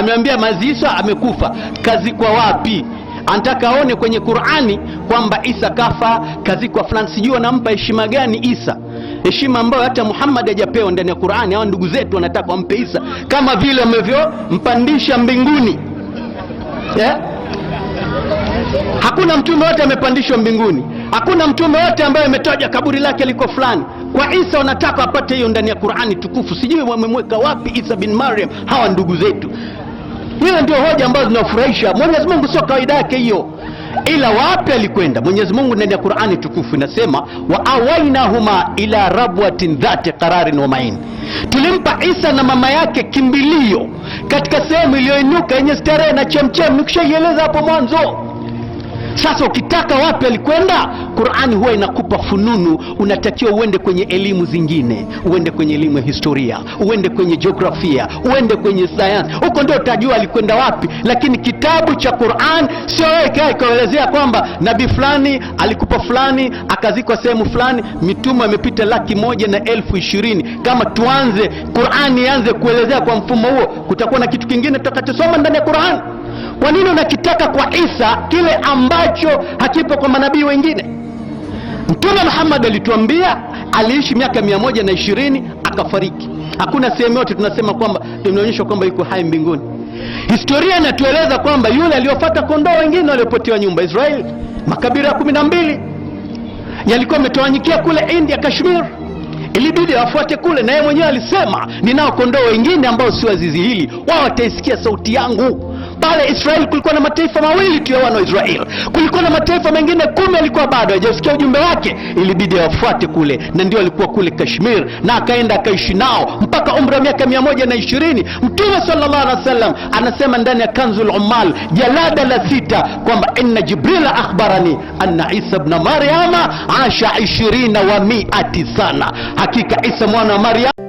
Ameambia Maziisa amekufa, kwa wapi? Anataka aone kwenye Qur'ani kwamba Isa kafa kazikwa fulani. Sijui wanampa heshima gani Isa, heshima ambayo hata Muhammad hajapewa ndani ya Qur'ani. Hawa ndugu zetu wanataka wampe Isa kama vile wamevyompandisha mbinguni yeah? Hakuna mtume wote amepandishwa mbinguni, hakuna mtume wote ambaye ametoja kaburi lake liko fulani. Kwa Isa wanataka wapate hiyo ndani ya Qur'ani tukufu. Sijui wamemweka wapi Isa bin Maryam hawa ndugu zetu. Hizo ndio hoja ambazo zinafurahisha. Mwenyezi Mungu sio kawaida yake hiyo, ila wapi alikwenda Mwenyezi Mungu? Ndani ya Qur'ani tukufu inasema wa awainahuma ila rabwatin dhati qararin wa main, tulimpa Isa na mama yake kimbilio katika sehemu iliyoinuka yenye starehe na chemchem nikushaieleza hapo mwanzo sasa ukitaka wapi alikwenda, Qur'ani huwa inakupa fununu. Unatakiwa uende kwenye elimu zingine, uende kwenye elimu ya historia, uende kwenye jiografia, uende kwenye sayansi, huko ndio utajua alikwenda wapi. Lakini kitabu cha Qur'an sio wewe ikae ikaelezea kwamba nabii fulani alikupa fulani akazikwa sehemu fulani. Mitume amepita laki moja na elfu ishirini. Kama tuanze Qur'ani ianze kuelezea kwa mfumo huo, kutakuwa na kitu kingine tutakachosoma ndani ya Qur'an. Kwa nini unakitaka kwa Isa kile ambacho hakipo kwa manabii wengine? Mtume Muhammad alituambia, aliishi miaka mia moja na ishirini akafariki. Hakuna sehemu yote tunasema kwamba tumeonyeshwa kwamba yuko hai mbinguni. Historia inatueleza kwamba yule aliyofuata kondoo wengine waliopotewa nyumba Israeli, makabira ya kumi na mbili yalikuwa yametowanyikia kule India, Kashmir, ilibidi wafuate kule, na yeye mwenyewe alisema, ninao kondoo wengine ambao si wazizi hili, wao wataisikia sauti yangu pale Israeli kulikuwa na mataifa mawili tu ya wana Israeli. Kulikuwa na mataifa mengine kumi alikuwa bado hajasikia ujumbe wake, ilibidi awafuate kule, na ndio alikuwa kule Kashmir, na akaenda akaishi nao mpaka umri wa miaka mia moja na ishirini. Mtume sallallahu alaihi wasallam anasema ndani ya Kanzul Ummal jalada la sita kwamba inna Jibrila akhbarani anna Isa bna Maryama asha ishirina wa miati sana, hakika Isa mwana wa Maryam